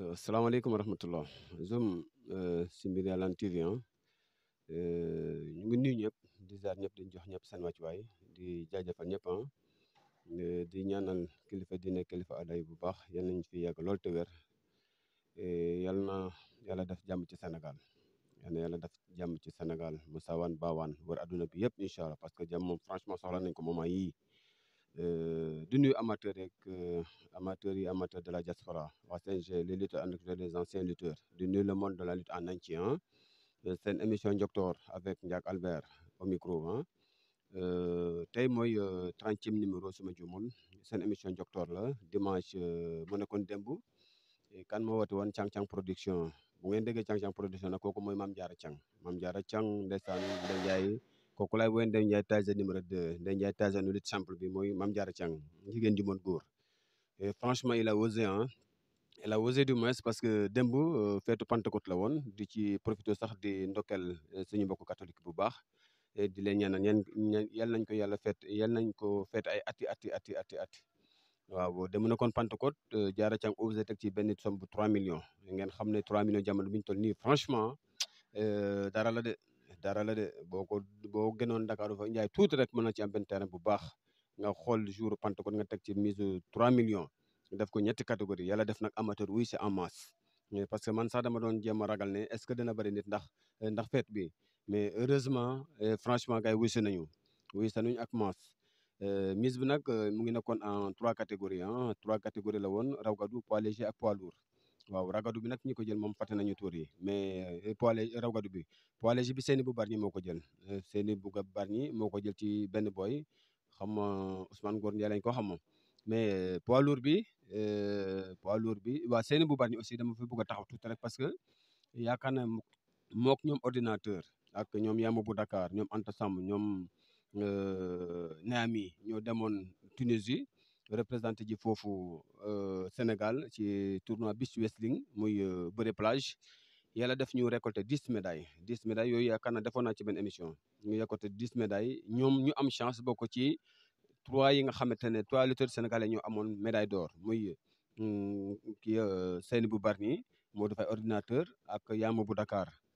Euh, salaamaaleykum wa rahmatullah zoom si mbir yàllaan ñu ngi nuyu ñëpp di ziar ñëpp di jox ñëpp seen wàccuwaay di jaajëfal ñëpp euh, di ñaanal kilifa diine kilifa aday bu baax yal nañ fi yàgg lool te wér yal na yàlla def jàmm ci senegal yal na def jàmm ci Sénégal mu saawaan baawaan wër adduna bi yëpp incha allah parce que jàmm moom franchement soxla nañ ko moment yii euh, du nuyu amateur yeeg euh, amateurs et amateur de la diaspora waa CNG les lutteurs les anciens lutteurs du nuyu le monde de la lutte en entier hein. une euh, émission docteur avec Ndiak Albert au micro ah tey 30e numéro suma c'est une émission docteur là dimanche mu nekkoon et kan moo woote woon Chang Chang production bu ngeen déggee Chang Chang production nag kooku mooy Mame Diarra Cang Mame Diarra Chang ndeysaan Ndeye kooku lay woowee Ndeye Ndiaye Tyson numéro 2 Ndeye Ndiaye Tyson lutte simple bi moy mam Diarra Thiang jigéen ju mën góor et franchement il a osé hein il a osé du moins parce que démb euh, fête Pentecôte la woon di ci profiter sax di ndokkeel euh, suñu mbokku catholique bu baax di leen ñaanal ñen yal nañ ko yalla fête yal nañ ko fête ay atti atti atti atti atti waaw dem na kon Pentecôte euh, Diarra Thiang osé tek ci benn somme bu 3 millions ngeen xamné 3 millions jamono bi ñu toll ni franchement euh dara la de. dara la de boo ko boo gënoon Dakar fa Ndiaye tuuti rek mën na ci am benn terrain bu baax nga xool jour Pentecôte nga teg ci mise 3 millions def ko ñetti catégorie yala def nag amateur oui c'est en masse parce que man sax dama doon jéem a ragal ne est-ce que dina bëri nit ndax ndax fête bi mais heureusement eh, franchement gars yi wuse nañu wuse nañu ak masse eh, mise bi nag eh, mu ngi nekkoon en trois catégories ah trois catégories la woon raw gadu poids léger ak poids lourd waaw ragadu bi nag ñi ko jël moom fàtte nañu tuur yi mais euh, poids léger ragadu bi poids bi seeni bu barñi moo ko jël euh, seeni bu barñi moo ko jël ci benn boy xam Ousmane Ngor Ndiaye lañ ko xam mais euh, poids bi poids lourd bi waa seeni bu barñi aussi dama fi bëgg a taxaw tuuti rek parce que yaakaar na mook ñoom ordinateur ak ñoom yamb bu Dakar ñoom Anta Samb ñoom Naami ñoo demoon Tunisie représenté du fofu euh, Sénégal ci tournoi beach wrestling muy beure plage yalla def ñu récolter 10 médailles 10 médailles yoy y a ci ben émission ñu yakote 10 médailles ñom ñu am chance boko ci trois yi nga xamantene trois lutteurs sénégalais ñu amone médaille d'or muy mm, ki euh, Seynou Barni modou fay ordinateur ak Yamou Dakar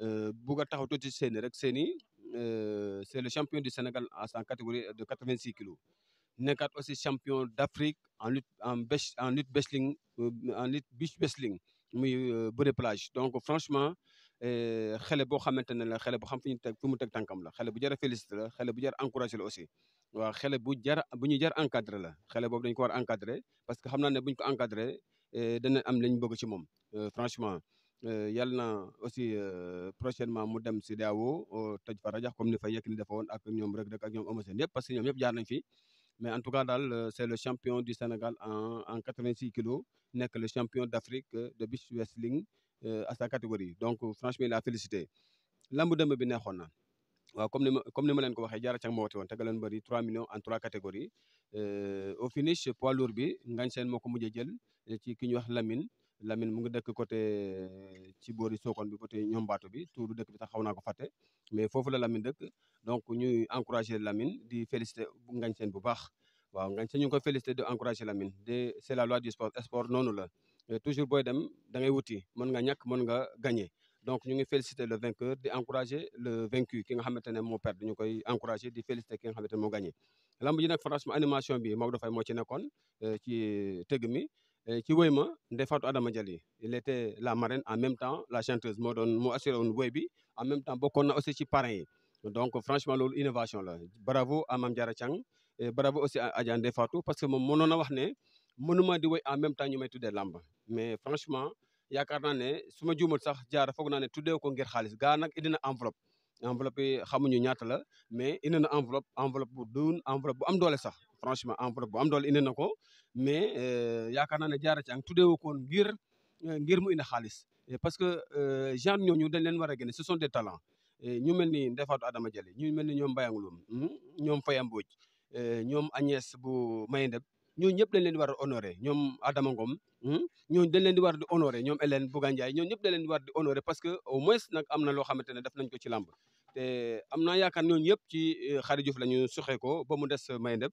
Euh, bugg a taxaw rek euh, c'est le champion du Sénégal en sa catégorie de 86 kilos nekkaat aussi champion d'Afrique en lutte en en lutte wrestling euh, en lutte beach wrestling muy bëre plage donc franchement xele bo xamantene la xele bu xam fiñu ñu fimu fi tankam la xele bu jar féliciter la xele bu jar encourager la aussi wa xele bu jar buñu ñu jar encadré la xele boobu dañ ko war encadrer parce que xam né buñ ko encadrer euh encadré dana am lañ bëgg ci mom franchement euh, yalna na aussi euh, prochainement mu dem ci dawo euh, tej fa comme ni fa Yékini defoon ak ñom rek Reug ak ñom Eumeu Sène parce que ñom ñëpp jaar nañ fi mais en tout cas dal c'est le champion du Sénégal en en 86 kg nek le champion d'Afrique de beach wrestling à sa catégorie donc franchement la félicité lambu dem bi neexoon na comme ni comme ni ma leen ko waxee jaara cang ma won woon tegaleen bari 3 millions en 3 catégories au finish poids lourd bi ngañ sen moko ko mujjee ci ki wax Lamine Lamine mu ngi dëkk côté eh, ci boori Sokone bi côté ñombaatu bi touru dëkk bi tax xawna ko faté mais fofu la Lamine dëkk donc ñuy encourager Lamine di félicité ngañ seen bu baax waaw ngañ seen ñu ko féliciter de encourager Lamine de c'est la loi du sport sport nonu la eh, toujours boy dem da ngay wuti mën nga ñak mën nga gagner donc ñu ngi féliciter le vainqueur di encourager le vaincu ki nga xamante mo perdre ñu koy encourager di féliciter ki nga xamante mo gagner gagné lamb ji nag franchement animation bi Maodo Faye mo ci nekkoon eh, ci teug mi qui euh, il était la marraine en même temps la chanteuse en même temps on a aussi ci donc franchement une innovation bravo à Mam bravo aussi à Adjan Defatu. parce que mon a en même temps nous mettons des mais franchement y a ne que sax ko ngir Il enveloppe enveloppe xamuñu la mais enveloppe enveloppe enveloppe bu am franchement enveloppe bu am mais euh, yaakaar naa ne jaara ci ang tuddee ko woon ngir euh, ngir mu indi xaalis parce que genre euh, ñooñu dañ leen war a génne ce sont des talents ñu mel ni Ndefaatu Adama Jali ñu mel ni ñoom Mbayang Loum hmm, ñoom Faye Mbodj ñoom Agnès bu Mayendeb ñooñu ñëpp dañ leen di war a honoré ñoom Adama Ngom hmm, ñooñu dañ leen di war di honoré ñoom Hélène Bouga Ndiaye ñooñu ñëpp dañ leen di war di honoré parce que au moins nag am na loo xamante ne def nañ ko ci lamb te am naa yaakaar ñooñu yëpp ci Khady Diouf la ñu suxee ko ba mu des Mayendeb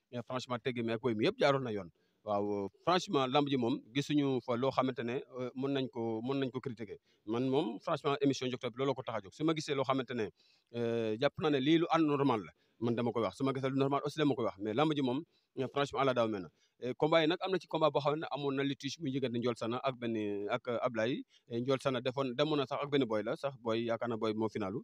mais franchement teggi mais koy mi yëpp jaaroon na yoon waaw franchement lamb ji moom gisuñu fa lo xamantene ne euh, mën nañ ko mën nañ ko critiquer man mom franchement émission jox top lolo ko tax a jóg su ma gisee loo xamante ne euh, jàpp naa lu anormal la man dama koy wax suma ma gisee lu normal aussi dama koy wax mais lamb ji mom euh, franchement ala daw mel na combat yi nak amna ci combat bo xam amon na litige mu jigante ndjol Sana ak ben ak Ablaye ndjol Sana defon demoon sax ak ben boy la sax boy yakana boy mo finalou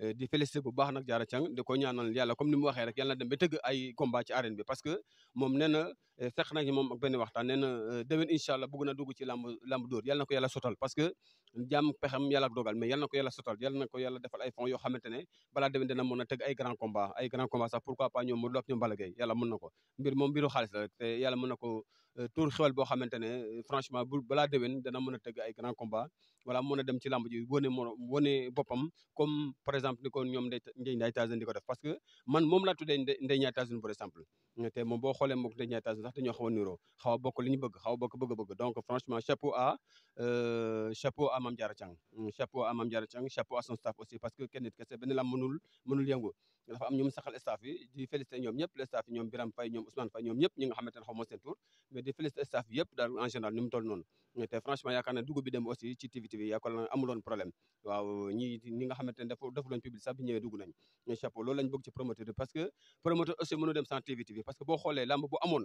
Euh, di félicité bu baax nag jaara càng di ñaanal yàlla comme ni mu rek yàlla dem ba tëgg ay combat ci arène bi parce que moom nee na euh, fekk nañ moom ak benn waxtaan nee na euh, lamb lamb dóor yàlla na sotal parce que jàmm pexam yàlla dogal mais yàlla na sotal yàlla na defal ay fonds yoo xamante ne balaa déwén dina mën a tëgg ay grand combat ay grand combat sax pourquoi pas ñoom Modou Lo ak ñoom mbir moom mbiru xaalis rek te yàlla Euh, tour xewal bo xamantene euh, franchement bu balaa déwén dana meuna teug ay grand combat wala mën a dem ci lamb ji woné woné bopam comme par exemple ni ko ñoom Ndeye Ndiaye Tyson di ko def parce que man mom la tudé Ndeye Ndiaye Tyson par exemple té mom bo xolé mook Ndeye Ndiaye Tyson sax dañu xaw niro niroo xaw a bokk li ñu bëgg xaw a bokk bëgg-bëgg donc franchement chapeau à euh, chapeau à mam Diarra Thiang mm, chapeau à mam Diarra Thiang chapeau à son staff aussi parce que kenn nit kese ben làmb mënul mënul yëngu dafa am ñum saxal staff yi di féliciter ñom ñëpp le staff yi ñoom Biram fay ñom Ousmane fay ñom ñëpp ñi nga xamante ne xaw moo seen tour di félicité staff yépp daal en général ni mu toll noonu te franchement yaakaar naa dugub bi dem aussi ci TV TV yaakaar naa amuloon problème waaw ñi ñi nga xamante ne dafa defuloon public sax bi ñëwee dugg nañ chapeau loolu lañ bëgg ci promoteur parce que promoteur aussi mënu dem sans TV parce que boo xoolee lamb bu amoon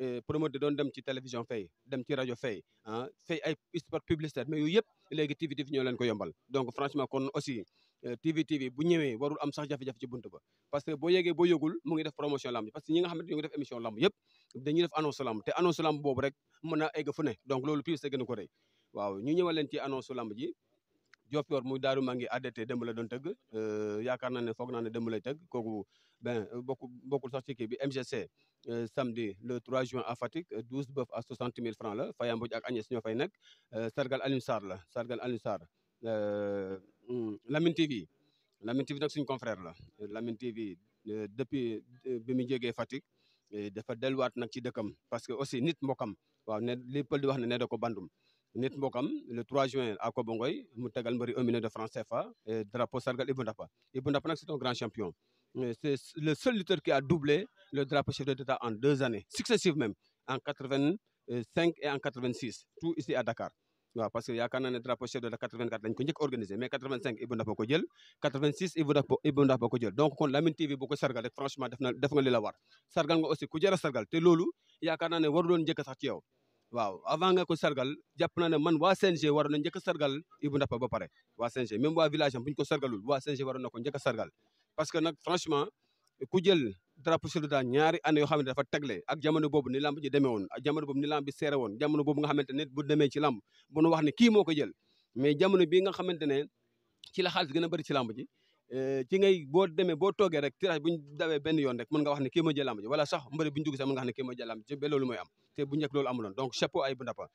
eh, promoteur doon dem ci télévision fay dem ci rajo fay ah fay ay spot publicitaire mais yooyu yëpp léegi TV ñoo leen ko yombal donc franchement kon aussi eh, TV TV bu ñëwee warul am sax jafe-jafe ci bunt ba parce que boo yegee boo yëgul mu ngi def promotion lamb parce que ñi nga xamante ñu ngi def émission lamb yëpp dañuy def annonce lamb te annonce lamb boobu rek mën naa egg fu ne donc loolu plus gën a ko waaw ñu ñëwal leen ci annonce lamb ji muy Daaru Mangi la ben sax ci bi MGC euh, samedi le 3 juin à Fatik, 12 bœuf à 60 000 francs la Faya ak Agnès ñoo fay euh, sargal sar la sargal euh, hmm, Lamine TV Lamine TV nag suñu confrère la Lamine TV depuis bi mu eh, dafa de faire ci parce que aussi nit Mokam waaw ne li pas di wax nit mokam le 3 juin à Kobongoy mu tegal mbëri un million de France CFA drapeau sargal Ibou Ndapa c'est un grand champion eh, c'est le seul lutteur qui a doublé le drapeau chef d'état en deux années successives même en 85 et en 86 tout ici à Dakar parce que yaakaar naa ne drapeau chef de la 84 lañ ko ñëk organisé mais 85 Ibou ndap ko jël 86 Ibou ndap Ibou ko jël donc kon Lamine TV bu ko sargal rek franchement def na def nga lila war sargal nga aussi ku jar a sargal té lolu yaakaar ne waru doon njëkk sax ci yow waaw avant nga ko sargal japp na ne man wa CNG war na njëkk sargal Ibou ndap ba paré wa CNG même wa village buñ ko sargalul wa CNG war na ko njëkk sargal parce que nak franchement ku jël drapeau chef de l'État ñaari année yoo xam ne dafa tegle ak jamono boobu ni lamb ji demee woon nga xamante ne bu demee ci lamb bu nu wax ne nga xamante ne ci la xaalis gën a bëri ci lamb ji eh, ci ngay boo demee boo toogee rek tirage bu ñu dawee benn wala sax mbëri bu ñu dugg sax mën nga xam ne am te bu njëkk donc chapeau ay bu ndappa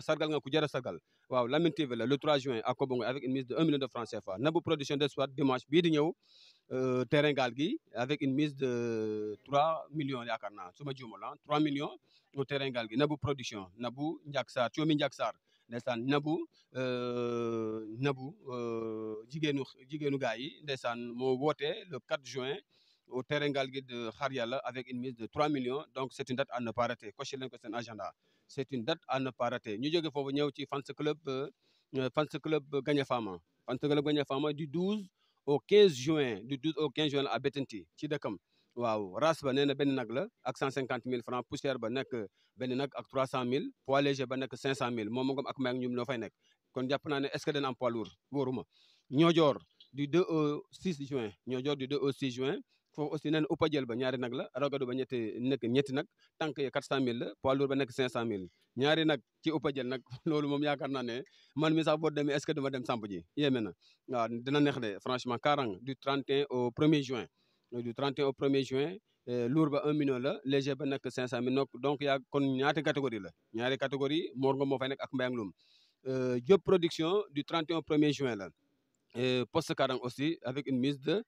sargal nga sargal waaw Lamine TV le 3 juin à Kobongo avec Euh, terrain gaal avec une mise de 3 millions à 3 ah, millions au terrain gaal Nabou production Nabou Ndiak tu Thiomi Ndiak Nabou euh, Nabou euh, jigéenu jigéenu gars le 4 juin au terrain gaal de Khariala avec une mise de 3 millions donc c'est une date à ne pas rater c'est que c'est un agenda c'est une date à ne pas rater nous avons venir au ci fans club fans club Gagné Fama club Fama du 12. au quinze juin du 12 au 15 juin la à Bettenty ci dëkkam waaw race ba na benn nag la ak 150 000 francs poussière ba nekk benn nag ak 300 000 poids léger ba nekk 500 mil moom moom ak maag ñoom ñoo fay nekk kon jàpp naa ne est-ce que dana am poids lourd wóoruma ñoo joor du 2 au 6 juin ñoo joor du 2 au 6 juin faut aussi nee na uppajeel ba ñaari nak la ragadu ba ñetti nekk ñetti nak tànk ya 400000 la poids lourd ba nekk 500000 ñaari nak ci uppajeel nag loolu moom yaakaar naa ne man mi sax bo demee est-ce que dama dem samp ji na dina nekh franchement Karang du 31 au 1er juin du 31 au 1er juin euh, lourd ba 1 million la léger ba nekk 500000 donc ya kon ñaati catégorie la ñaari catégorie Mor nga mo fay nekk ak Mbayang euh job production du 31 au 1er juin la poste Karang aussi avec une mise de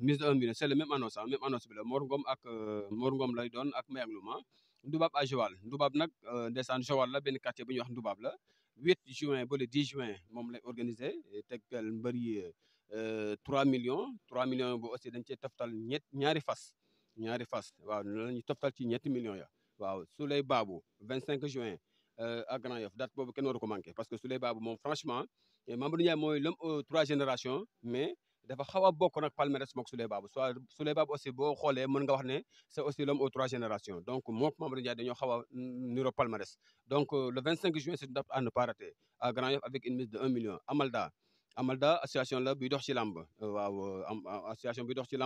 mise de 1 million c' est même annonce ah même annonce Le morgom Mor Ngom ak euh, Mor Ngom lay doon ak Mbayang Loum ah Ndubaab à Joal Ndubaab nag euh, ndeysaan Joal la ben quartier bu ñuy wax Ndubaab la 8 juin ba le 10 juin mom lay organisé tegtal mbër yi 3 euh, millions 3 millions bu aussi dañ cee toftal ñett ñaari fas ñaari fas waaw ñu ñuy toftal ci ñetti millions ya waaw Souley Babou 25 juin à Grand Yoff date bobu kenn waru ko manquer parce que Souley Babou moom franchement Mamadou Ndiaye moy l'homme aux trois générations mais dafa xaw a bokk nag palmarès mook Souley Babou soit Souley Babou aussi boo xoolee mën nga wax c'est aussi l'homme aux trois générations donc mook Mamadou Ndiaye dañoo xaw a niro palmarès donc euh, le 25 juin c'est une date à ne pas rater à Grand Yoff avec une mise de 1 million Amalda Amalda association là, buy dox ci euh, waaw euh, association dox ci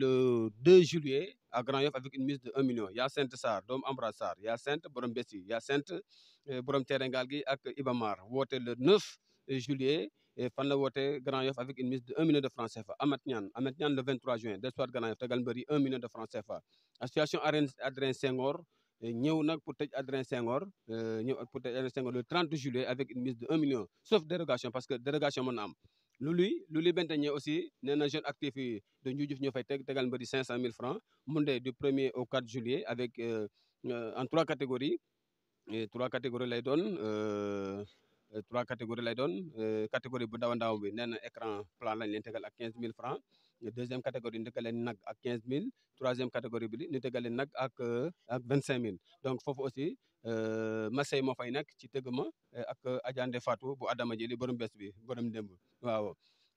le 2 juillet à Grand Yoff avec une mise de 1 million Il y a Sent Dom Ambrassar, Ambra y a Sainte borom Bessi a Sainte borom Terengal gi ak Ibamar woote le 9 juillet et fan la wote Grand avec une mise de 1 million de francs CFA Maintenant, Niane le 23 juin d'espoir Grand Yoff tegal 1 million de francs CFA association Arène Adrien Senghor euh, ñew nak pour tej Adrien Senghor euh, ñew pour Adrien Senghor le 30 juillet avec une mise de 1 million sauf dérogation parce que dérogation mon âme. am Lulu Lulu Benteñe aussi un jeune actif de Ndioudiouf ñoo 500 000 francs Moundé du 1er au 4 juillet avec euh, en trois catégories et trois catégories lay doon euh, trois catégories la euh, catégorie bu ndaw ndaw bi nee écran plat lañ leen ak francs deuxième catégorie est leen nag ak 15000 troisième catégorie bi ñu 25 leen nag ak euh, ak 25000 donc aussi Massey mo fay nekk ci teuguma ak Adjande Fatou bu Adama li borom bi borom waaw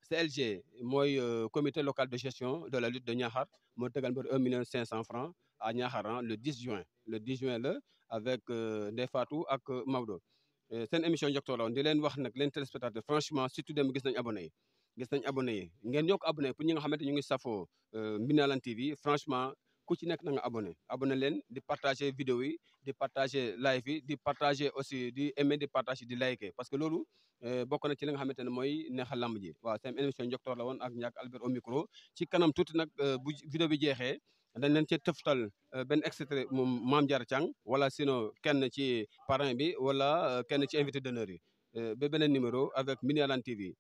CLG moy comité local de gestion de la lutte de Niahar mo tegal mbir un million francs à Niakhar hein, le 10 juin le 10 juin avec Ndeye Fatou ak Euh, seen émission Njoktoor la di leen wax nag leen téléspectateur franchement surtout dem gis nañ abonné yi nañ abonné yi ngeen yokk abonné yi pour ñi nga xamante ñu ngi safoo euh, Mbine TV franchement ku ci nekk na nga abonné leen di partager vidéo yi di partager live yi di partager aussi di aimer di partager di liker parce que loolu euh, bokk na ci li nga xamante ne mooy neexal lamb ji waaw seen émission Njoktoor la woon ak ñàkk Albert au micro ci kanam tuuti nag bu vidéo bi jeexee dañ leen ci tëftal euh, benn extrait moom Mame Diarra wala sinon kenn ci parrain bi wala euh, kenn ci invité d'honneur yi euh, ba beneen numéro avec Mini Yelane TV